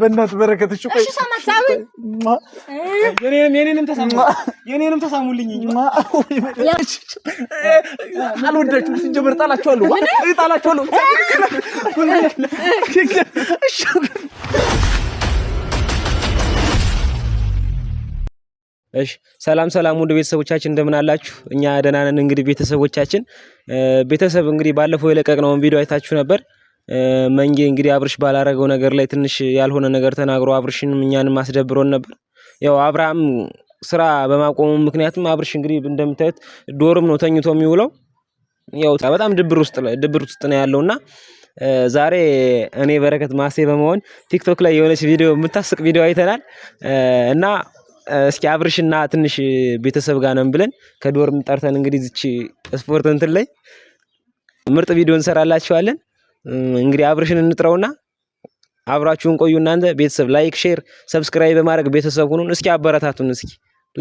በእናት በረከት የኔንም ተሳሙልኝ። አልወዳችሁም። ሲጀመር ጣላችኋለሁ፣ ጣላችኋለሁ። እሺ ሰላም ሰላም ውድ ቤተሰቦቻችን እንደምን አላችሁ? እኛ ደህና ነን። እንግዲህ ቤተሰቦቻችን ቤተሰብ እንግዲህ ባለፈው የለቀቅነውን ቪዲዮ አይታችሁ ነበር። መንጌ እንግዲህ አብርሽ ባላረገው ነገር ላይ ትንሽ ያልሆነ ነገር ተናግሮ አብርሽንም እኛንም አስደብሮን ነበር። ያው አብርሃም ስራ በማቆሙ ምክንያትም አብርሽ እንግዲህ እንደምታዩት ዶርም ነው ተኝቶ የሚውለው። ያው በጣም ድብር ውስጥ ድብር ውስጥ ነው ያለውና ዛሬ እኔ በረከት ማሴ በመሆን ቲክቶክ ላይ የሆነች ቪዲዮ የምታስቅ ቪዲዮ አይተናል እና እስኪ አብርሽና ትንሽ ቤተሰብ ጋር ነን ብለን ከዶርም ጠርተን እንግዲህ እዚች ስፖርት እንትን ላይ ምርጥ ቪዲዮ እንሰራላችኋለን። እንግዲህ አብርሽን እንጥረውና አብራችሁን ቆዩ። እናንተ ቤተሰብ ላይክ፣ ሼር፣ ሰብስክራይብ በማድረግ ቤተሰብ ሁኑን። እስኪ አበረታቱን። እስኪ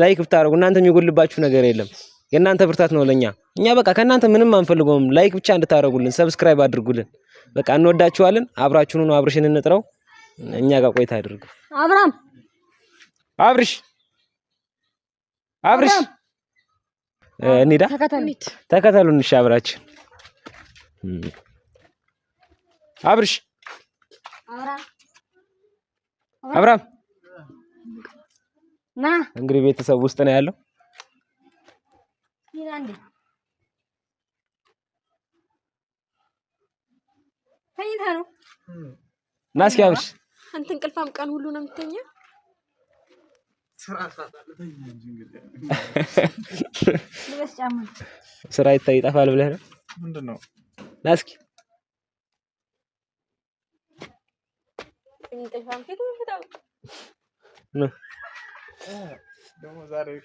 ላይክ ብታደርጉ እናንተ የሚጎልባችሁ ነገር የለም። የእናንተ ብርታት ነው ለኛ። እኛ በቃ ከእናንተ ምንም አንፈልገውም። ላይክ ብቻ እንድታደርጉልን፣ ሰብስክራይብ አድርጉልን። በቃ እንወዳችኋለን። አብራችሁን ሁኑ። አብርሽን እንጥረው። እኛ ጋር ቆይታ አድርጉ። አብርሽ አብርሽ እንሂዳ፣ ተከተሉን። እሺ አብራችን አብርሽ አብራም ና እንግዲህ ቤተሰብ ውስጥ ነው ያለው። ና እስኪ አብርሽ አንተ እንቅልፋም ቀን ሁሉ ነው የምትተኛ ስራ ይታይ ይጠፋል ብለህ ነው? ምንድን ነው ና እስኪ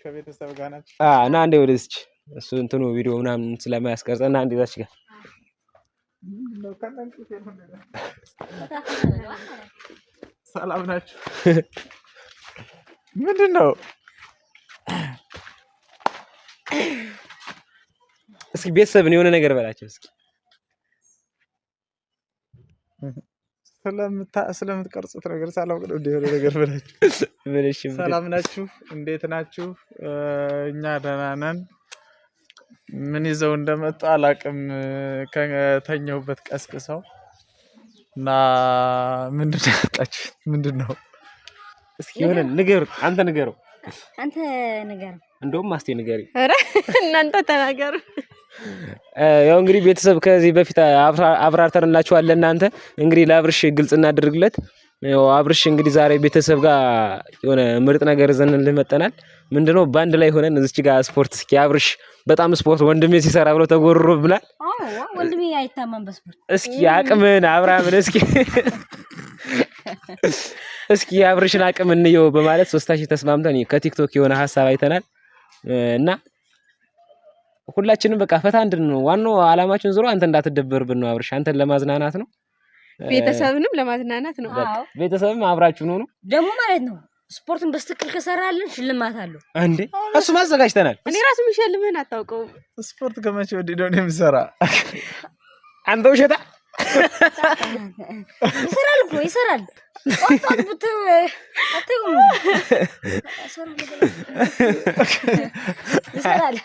ከቤተሰብ ጋር ናቸው። እና አንዴ ወደዚች እሱ እንትኑ ቪዲዮ ምናምን ስለማያስቀርጽ እና አንዴ ዛች ጋር ሰላም ናቸው። ምንድን ነው? እስኪ ቤተሰብን የሆነ ነገር በላቸው እስኪ። ስለምትቀርጹት ነገር ሳላውቅ እንደ የሆነ ነገር በላቸው። ሰላም ናችሁ? እንዴት ናችሁ? እኛ ደህና ነን። ምን ይዘው እንደመጡ አላቅም። ከተኘሁበት ቀስቅሰው እና ምንድን ነው ያጣችሁት? ምንድን ነው እስኪ የሆነ ንገር፣ አንተ ንገረው፣ አንተ ንገር፣ እንደውም አስቴ ንገሪ፣ እናንተ ተናገሩ። ያው እንግዲህ ቤተሰብ ከዚህ በፊት አብራርተንላችኋል። እናንተ እንግዲህ ለአብርሽ ግልጽ እናድርግለት። አብርሽ እንግዲህ ዛሬ ቤተሰብ ጋር የሆነ ምርጥ ነገር ዘን ልመጠናል። ምንድነው በአንድ ላይ ሆነን እዚች ጋር ስፖርት እስኪ አብርሽ በጣም ስፖርት ወንድሜ ሲሰራ ብለው ተጎርሮ ብላል። ወንድሜ አይታማም በስፖርት እስኪ አቅምን አብራምን እስኪ እስኪ የአብርሽን አቅም እንየው በማለት ሶስታችን ተስማምተን ከቲክቶክ የሆነ ሀሳብ አይተናል እና ሁላችንም በቃ ፈታ እንድን ነው ዋናው አላማችን። ዞሮ አንተ እንዳትደበርብን ነው አብርሽ፣ አንተን ለማዝናናት ነው፣ ቤተሰብንም ለማዝናናት ነው። አዎ ቤተሰብም አብራችሁ ነው ነው ደግሞ ማለት ነው። ስፖርትን በስትክክል ከሰራልን ሽልማት አለው እንዴ? እሱ ማዘጋጅተናል። እኔ ራሱ የሚሸልምህን አታውቀውም። ስፖርት ከመቼ ወዲህ ነው አንተ ውሸታ ይሰራል እኮ ይሰራል።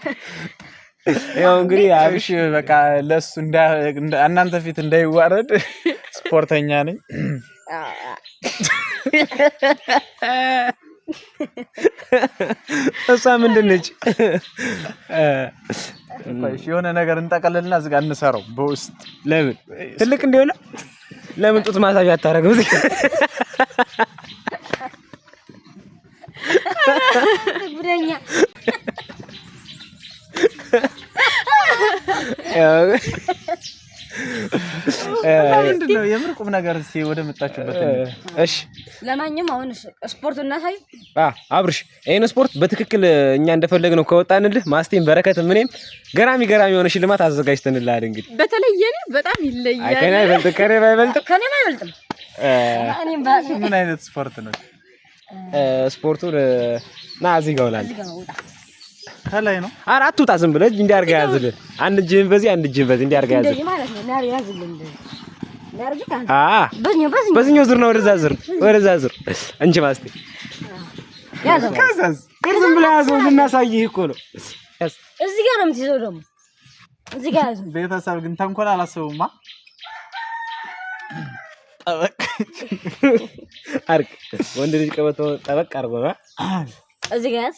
ያው እንግዲህ አብሽ በቃ ለሱ እናንተ ፊት እንዳይዋረድ ስፖርተኛ ነኝ እሷ ምንድን ነች? የሆነ ነገር እንጠቀልልና እዚህ ጋር እንሰራው። በውስጥ ለምን ትልቅ እንዲሆነ ለምን ጡት ማሳጅ አታደርግም ። ጉደኛ ምንድን ነው የምር ቁም ነገር እስኪ ወደ መጣችሁበት። እሺ ለማንኛውም አሁን ስፖርት እናሳይ። አብርሽ ይህን ስፖርት በትክክል እኛ እንደፈለግነው ከወጣንልህ ማስቴን በረከት ምንም ገራሚ ገራሚ የሆነ ሽልማት አዘጋጅተንልሃል። እንግዲህ በተለየ በጣም ይለያል። ከኔ አይበልጥም፣ ከኔ አይበልጥም፣ ከኔ አይበልጥም። ምን አይነት ስፖርት ነው ስፖርቱ? ና እዚህ ጋር ውላለሁ ከላይ ነው። ኧረ አትውጣ፣ ዝም ብለህ እጅ እንዲህ አድርገህ አንድ እጅህን በዚህ አንድ እጅህን በዚህ እንዲያርጋ አድርገህ ያዝልህ ማለት ነው። በዚህኛው ዙር ነው። ወደዛ ዝር፣ ወደዛ ዝር። እንጂ ማስቴ ከዛስ ዝም ብለህ ያዘው። ልናሳይህ እኮ ነው። እዚህ ጋር ነው የምትይዘው ደግሞ እዚህ ጋር ያዘው። ቤተሰብ ግን ተንኮል አላሰቡማ። ጠበቅ አድርግ፣ ወንድ ልጅ ቀበቶ ጠበቅ አድርጎ ነው። እዚህ ጋር ያዝ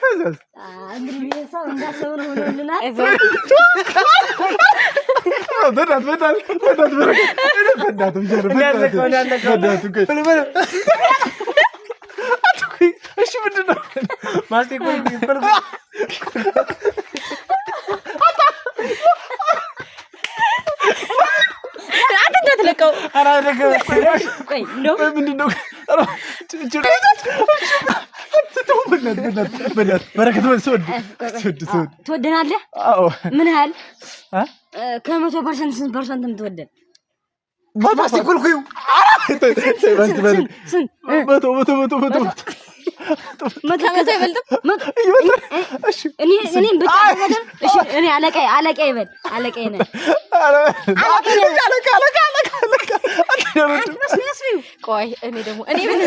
ከዛስ እንግዲህ ቆይ እንዳትለቀው ትወደናለህ? ምን ያህል ከመቶ ፐርሰንት ስንት ፐርሰንት የምትወደን? እኔ አለቃ ይበል አለቃ ቆይ እኔ ደግሞ እኔ ነው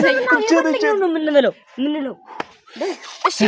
የምንበለው የምንለው እሺ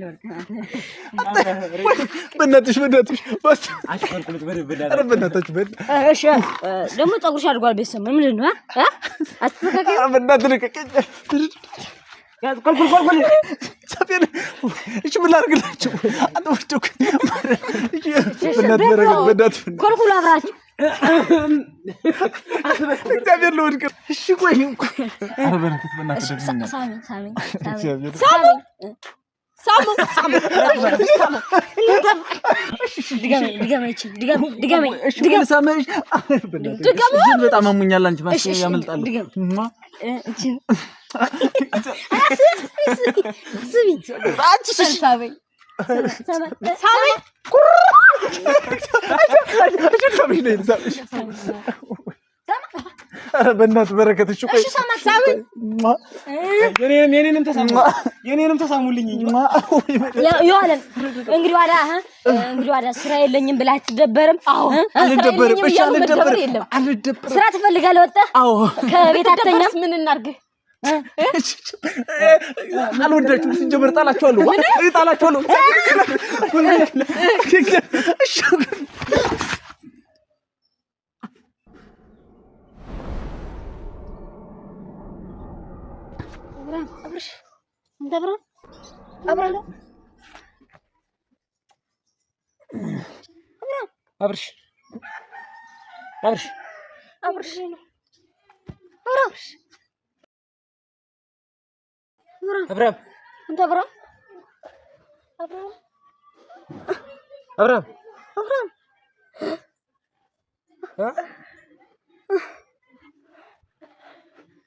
በእናትሽ በእናትሽ ደግሞ ፀጉርሽ አድርጓል። ቤተሰብ ምን ምንድን ነው እሺ ምን ላድርግላችሁ? ኮልኩሉ አብራችሁ እግዚአብሔር ለወድቅ እሺ ቆይ ሳሚ ሳሙ ሳሙ ሳሙ ድገመኝ ድገመኝ ድገመኝ ድገመኝ ድገመኝ በጣም አሙኛል። አንቺ ማስ ያመልጣል። ድገመኝ በእናት በረከት እሺ፣ ቆይ ተሳሙልኝ። እንግዲህ ዋዳ እንግዲህ ዋዳ ስራ የለኝም ብላ አትደበርም? አዎ አልደበርም። እሺ አልደበርም፣ አልደበርም። ስራ ትፈልጋለህ? ወጣ? አዎ ከቤት አትተኛም? ምን እናድርግ? አልወዳችሁም። ሲጀመር ጣላችኋለሁ፣ ጣላችኋለሁ። አብርሃም አብርሽ፣ አንተ አብርሃም አብርሃም አብርሽ አብርሽ አብርሽ አብርሽ አብርሃም አንተ አብርሃም አብርሃም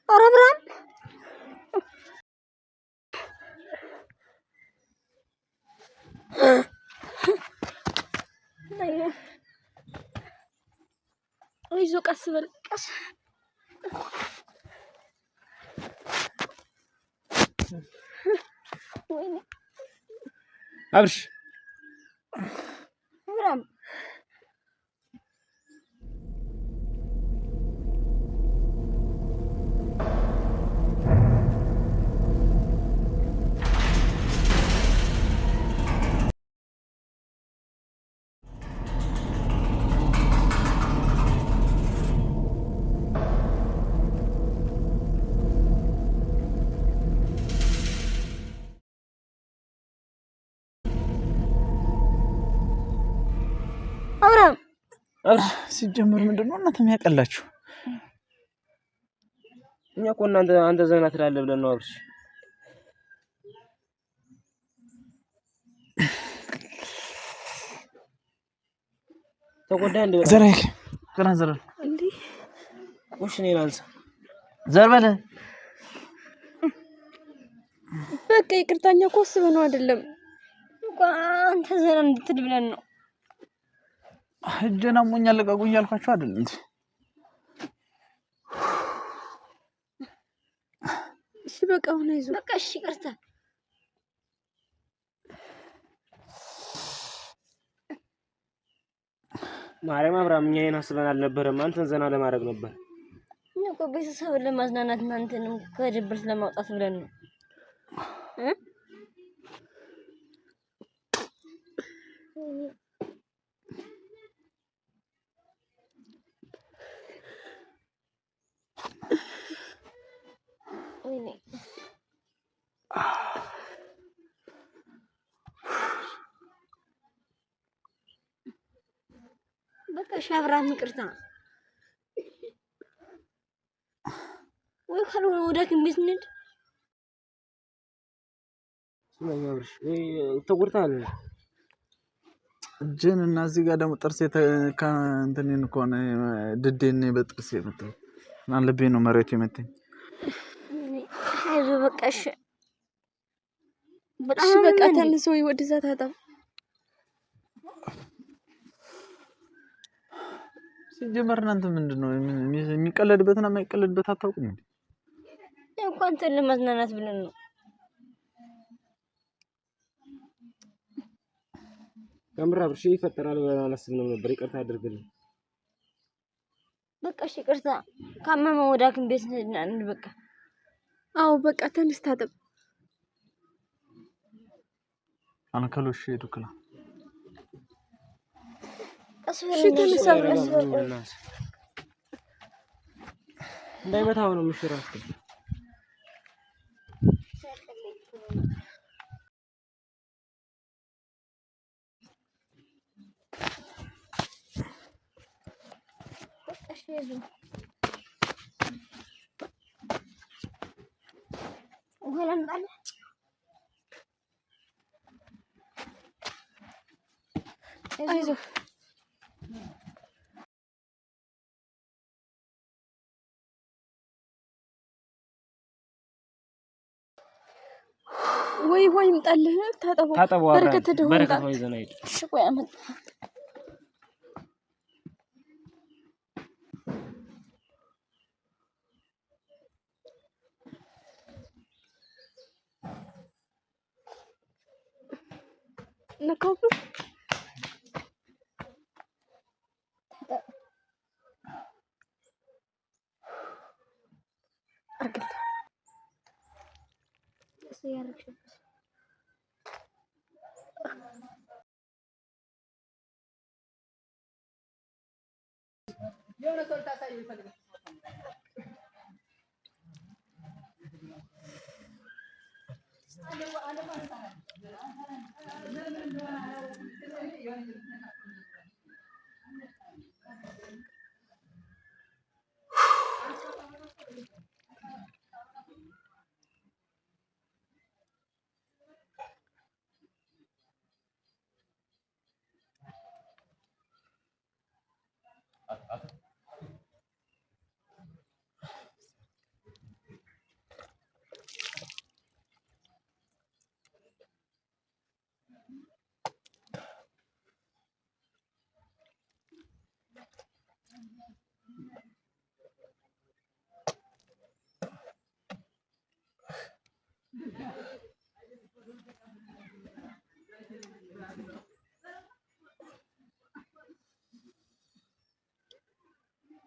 አብርሃም ይዞ ቀስ በል ቀስ አብርሽ ሲጀምር ምንድነው ነው እናንተ እኛ እኮ እናንተ አንተ ዘና ትላለህ ብለን ነው አብርሽ። ተጎዳ እንደ ዘራ ዘራ ዘራ እንዴ ወሽ ነው ይላልሳ ዘር በለ በቃ ይቅርታኛ እኮ አስበህ ነው አይደለም። አንተ ዘራ እንድትል ብለን ነው እጄን አሞኛል ልቀቁኝ ያልኳቸው አይደል እንዴ? እሺ በቃ ሁን ይዞ በቃ እሺ፣ ይቅርታ ማርያም አብርሃም፣ እኛ ይሄን አስበን አልነበረም። አንተን ዘና ለማድረግ ነበር እኮ ቤተሰብን ለማዝናናት እናንተንም ከድብርት ለማውጣት ብለን ነው። እህ ወይኔ በቃ ሻብራም ይቅርታ። ወይ ካልሆነ ወደ ሐኪም ንድ እንሂድ። ተጎድተሃል እጅን እና እዚህ ጋር ደግሞ ጥርሴ እንትኔን ከሆነ በጥርሴ እና ልቤ ነው መሬቱ የመታኝ። ብዙ በቃሽ በጣም በቃ ተንሶ ይወድዛ ታጣ ሲጀመር እናንተ ምንድን ነው የሚቀለድበትና የማይቀለድበት አታውቁም እንዴ? ያው እኮ ለመዝናናት ብለን ነው። ከምራ ብርሽ ይፈጠራል ብለን አላስብንም ነበር። ይቅርታ አድርግልን። በቃ እሺ፣ ይቅርታ። ካመመ ወደ ሐኪም ቤት እንሂድ። በቃ አዎ በቃ ተነስ ታጠብ። አንከሎሽ ሄዱክላ እንዳይመታው ነው ምሽራክ በኋላ እንጣለን። አይዞህ ወይ ወይ፣ እንጣለን ታጠበው በረከት ደሆ نكون ركبتها السيارة شوف Yo no soltas ahí, Ano ba, ano ba ang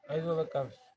Aí, Lula Carlos.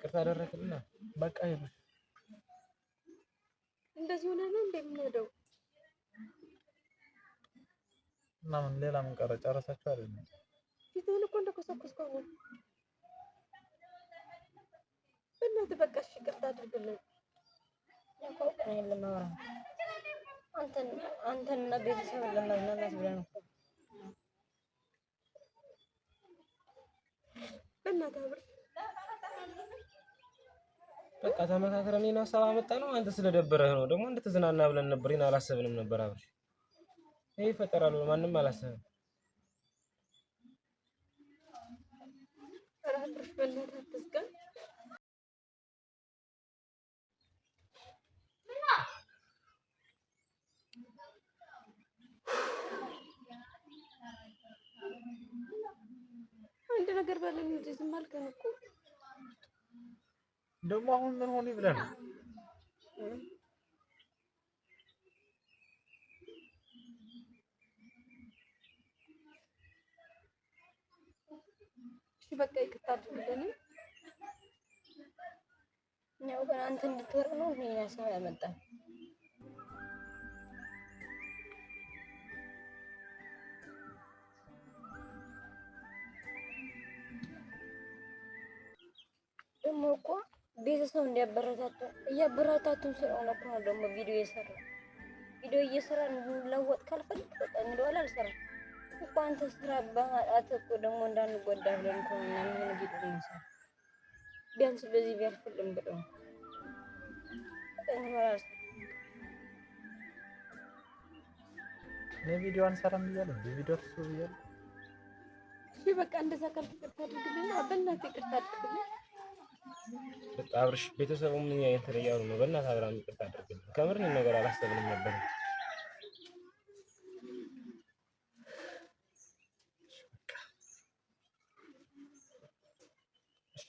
ቅርታ አደረግልና በቃ ይሁን። እንደዚህ ሆነ ነው እንደምንሄደው እና ምን ሌላ ምን ቀረ? ጨረሳችሁ አይደል? ፊትህን እኮ እንደኮሰኮስኩ በእናት በቃ እሺ፣ ቅርታ አድርግልን። ያው አንተን ቤተሰብን ለማዝናናት ነው በቃ ሀሳብ አመጣ ነው። አንተ ስለደበረህ ነው ደግሞ እንድትዝናና ብለን ነበር። ይህን አላሰብንም ነበር አብርሽ። ይህ ይፈጠራል ማንም አላሰብም። ራብርሽ በእናትህ አትዝጋ ዝም አልከኝ እኮ ደግሞ አሁን ምን ሆነ ብለህ ነው? እሺ በቃ ይቅርታ አድርግልኝ። ያው አንተ እንድትወር ነው ያመጣል ደግሞ እኮ ቤተሰብ እንዲያበረታቱ እያበረታቱም ስለሆነ እኮ ነው ደግሞ ቪዲዮ እየሰራ ቪዲዮ እየሰራ ለወጥ ካልፈልግ በቃ እንግዲህ አልሰራ እኮ አንተ ስራ በማጣት እኮ ደግሞ እንዳንጎዳ ብለን እኮ ነው ምን ቪዲዮ የሚሰራ ቢያንስ በዚህ ቢያልፍልም ብሎ ነው በቃ አንሰራም እያለ ቪዲዮ ተሰብ እያለ እሺ በቃ እንደዛ ካልተቀጣ አድርግልኝ በእናትህ ይቅርታ አድርግልኝ አብርሽ ቤተሰቡ ምን የተለያዩ ነው? በእናትህ አብርሃም ይቅርታ አድርግልኝ። ከምር ነገር አላሰብንም ነበር። እሺ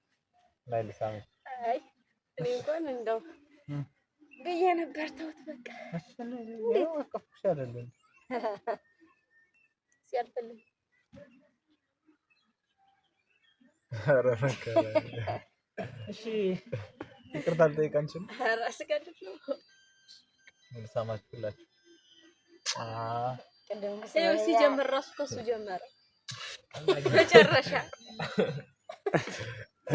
እንዳይልሳመኝ። አይ እኔ እንኳን እንደው ብዬ ነበር ተውት በቃ። እንዴት እሺ ይቅርታ ልጠይቅ አንችልም። ልሳማችሁላችሁ ሲጀምር እራሱ ከሱ ጀመረ መጨረሻ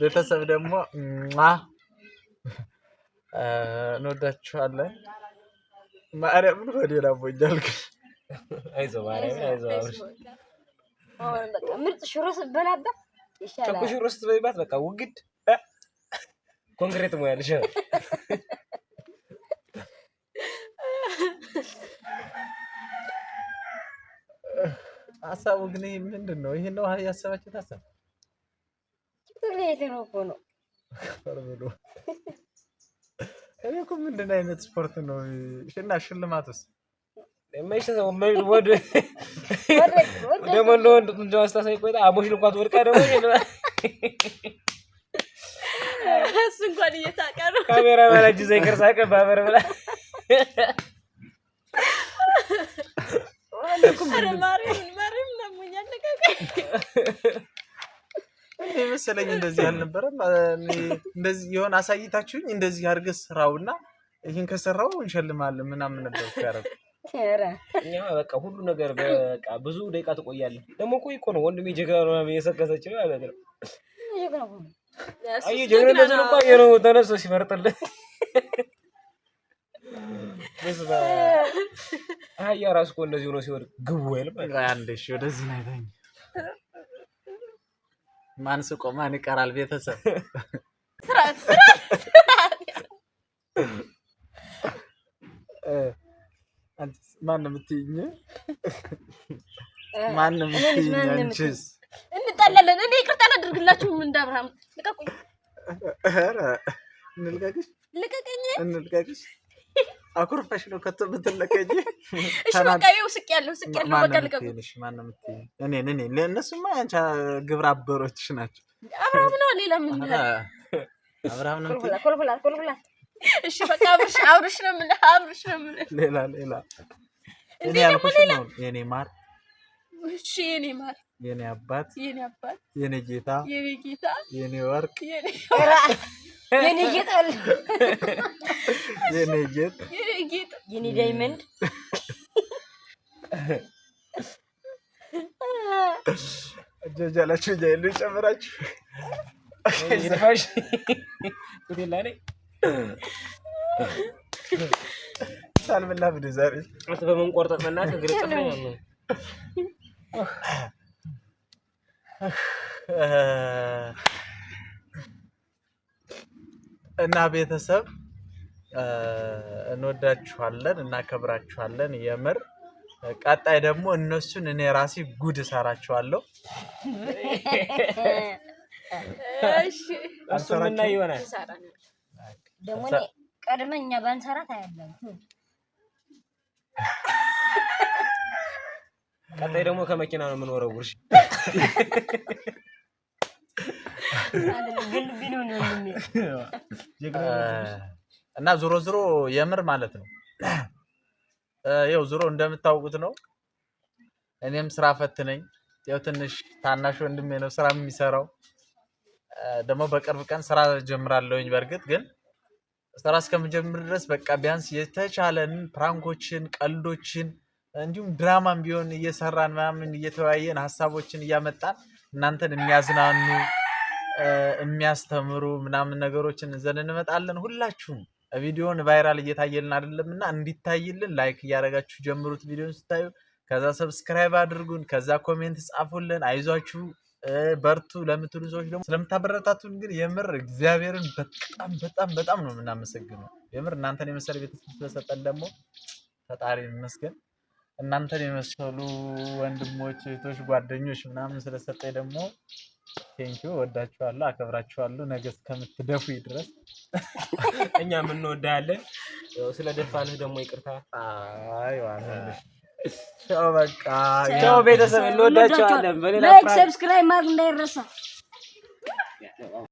ቤተሰብ ደግሞ እንወዳችኋለን። ማርያምን በሌላ ቦኛል ምርጥ ሽሮ ስትበላበት ይሻላል። ሽሮ ስትበላበት በቃ ውግድ ኮንክሬት ሙያል ይሻላል። ሀሳቡ ግን ይሄ ምንድን ነው? ይሄን ነው ያሰባችሁት ሀሳብ? እኔ እኮ ምንድን አይነት ስፖርት ነው? እና ሽልማቱስ ደግሞ ለወንድ ጡንቻ ማስታሳይ ቆይታ አሞሽ ልኳት ወድቃ ደግሞ እሱ እንኳን እየሳቀ ነው። ካሜራ ባላጅ ዘይቀር ሳቀ ባበር ብላ ማርያምን እኔ መሰለኝ እንደዚህ አልነበረም። እንደዚህ የሆነ አሳይታችሁኝ እንደዚህ አድርገህ ስራውና ይህን ከሰራው እንሸልማለን ምናምን ነበር ያረግ እኛ በቃ ሁሉ ነገር በቃ ብዙ ደቂቃ ትቆያለህ። ደግሞ እኮ እኮ ነው ወንድሜ ጀግና ነው የሰከሰች ነው ያለ ነው። አይ ጀግናነቱን እኮ አየነው ተነስቶ ሲመርጥልህ አህያ እራሱ እኮ እንደዚህ ሆኖ ሲወድቅ ግቡ ወይልም አንዴ ወደዚህ ነው አይታኝ ማን ስቆ ማን ይቀራል? ቤተሰብ ማን የምትይኝ ማን የምትይኝ? አንቺስ እንጣላለን። እኔ ይቅርታ አላደርግላችሁም። እንደ አብርሃም ልቀቁኝ። እንልቀቅሽ፣ ልቀቅኝ፣ እንልቀቅሽ እንልቀቅሽ አኩርፈሽ ነው ከቶ የምትለቀኝ። እሺ በቃ ይኸው ስቅ ያለው ስቅ ያለው በቃ ማነው ያንቺ ግብረ አበሮችሽ ናቸው። አብርሃም ነው ሌላ ምን ይላል? አብርሃም ነው እሺ በቃ አብርሽ አብርሽ ነው የምልህ አብርሽ ነው የምልህ። ሌላ ሌላ የኔ ማር። እሺ የኔ ማር የኔ አባት የኔ አባት የኔ ጌታ የኔ ጌታ የኔ ወርቅ የኔ የኔ ጌጥ ጌጥ የኔ ዳይመንድ እጃጃላችሁ እያ ያሉ ይጨምራችሁ ሳልምላ ብደ ዛሬ በመንቆርጠጥ መናት እግር እና ቤተሰብ እንወዳችኋለን፣ እናከብራችኋለን። የምር ቀጣይ ደግሞ እነሱን እኔ ራሴ ጉድ እሰራችኋለሁ። እሱምና ይሆናል ደግሞ ቀድመኛ ባንሰራት አያለም ቀጣይ ደግሞ ከመኪና ነው የምንወረውርሽ። ግን ቢሆን እና ዞሮ ዞሮ የምር ማለት ነው ያው ዞሮ እንደምታውቁት ነው። እኔም ስራ ፈትነኝ ያው ትንሽ ታናሽ ወንድሜ ነው ስራ የሚሰራው። ደግሞ በቅርብ ቀን ስራ ጀምራለሁኝ። በእርግጥ ግን ስራ እስከምጀምር ድረስ በቃ ቢያንስ የተቻለን ፕራንኮችን፣ ቀልዶችን እንዲሁም ድራማም ቢሆን እየሰራን ምናምን እየተወያየን ሀሳቦችን እያመጣን እናንተን የሚያዝናኑ የሚያስተምሩ ምናምን ነገሮችን ይዘን እንመጣለን ሁላችሁም ቪዲዮን ቫይራል እየታየልን አይደለም እና እንዲታይልን ላይክ እያደረጋችሁ ጀምሩት። ቪዲዮን ስታዩ ከዛ ሰብስክራይብ አድርጉን፣ ከዛ ኮሜንት ጻፉልን። አይዟችሁ በርቱ ለምትሉ ሰዎች ደግሞ ስለምታበረታቱን ግን የምር እግዚአብሔርን በጣም በጣም በጣም ነው የምናመሰግነው። የምር እናንተን የመሰለ ቤተሰብ ስለሰጠን ደግሞ ፈጣሪ ይመስገን። እናንተን የመሰሉ ወንድሞች፣ እህቶች፣ ጓደኞች ምናምን ስለሰጠኝ ደግሞ ቴንኪ ወዳችኋለሁ፣ አከብራችኋለሁ። ነገ እስከምትደፉ ድረስ እኛ የምንወዳለን። ስለ ደፋንህ ደግሞ ይቅርታ። በቃ ቤተሰብ እንወዳችኋለን። በሌላ ሰብስክራይብ ማድረግ እንዳይረሳ።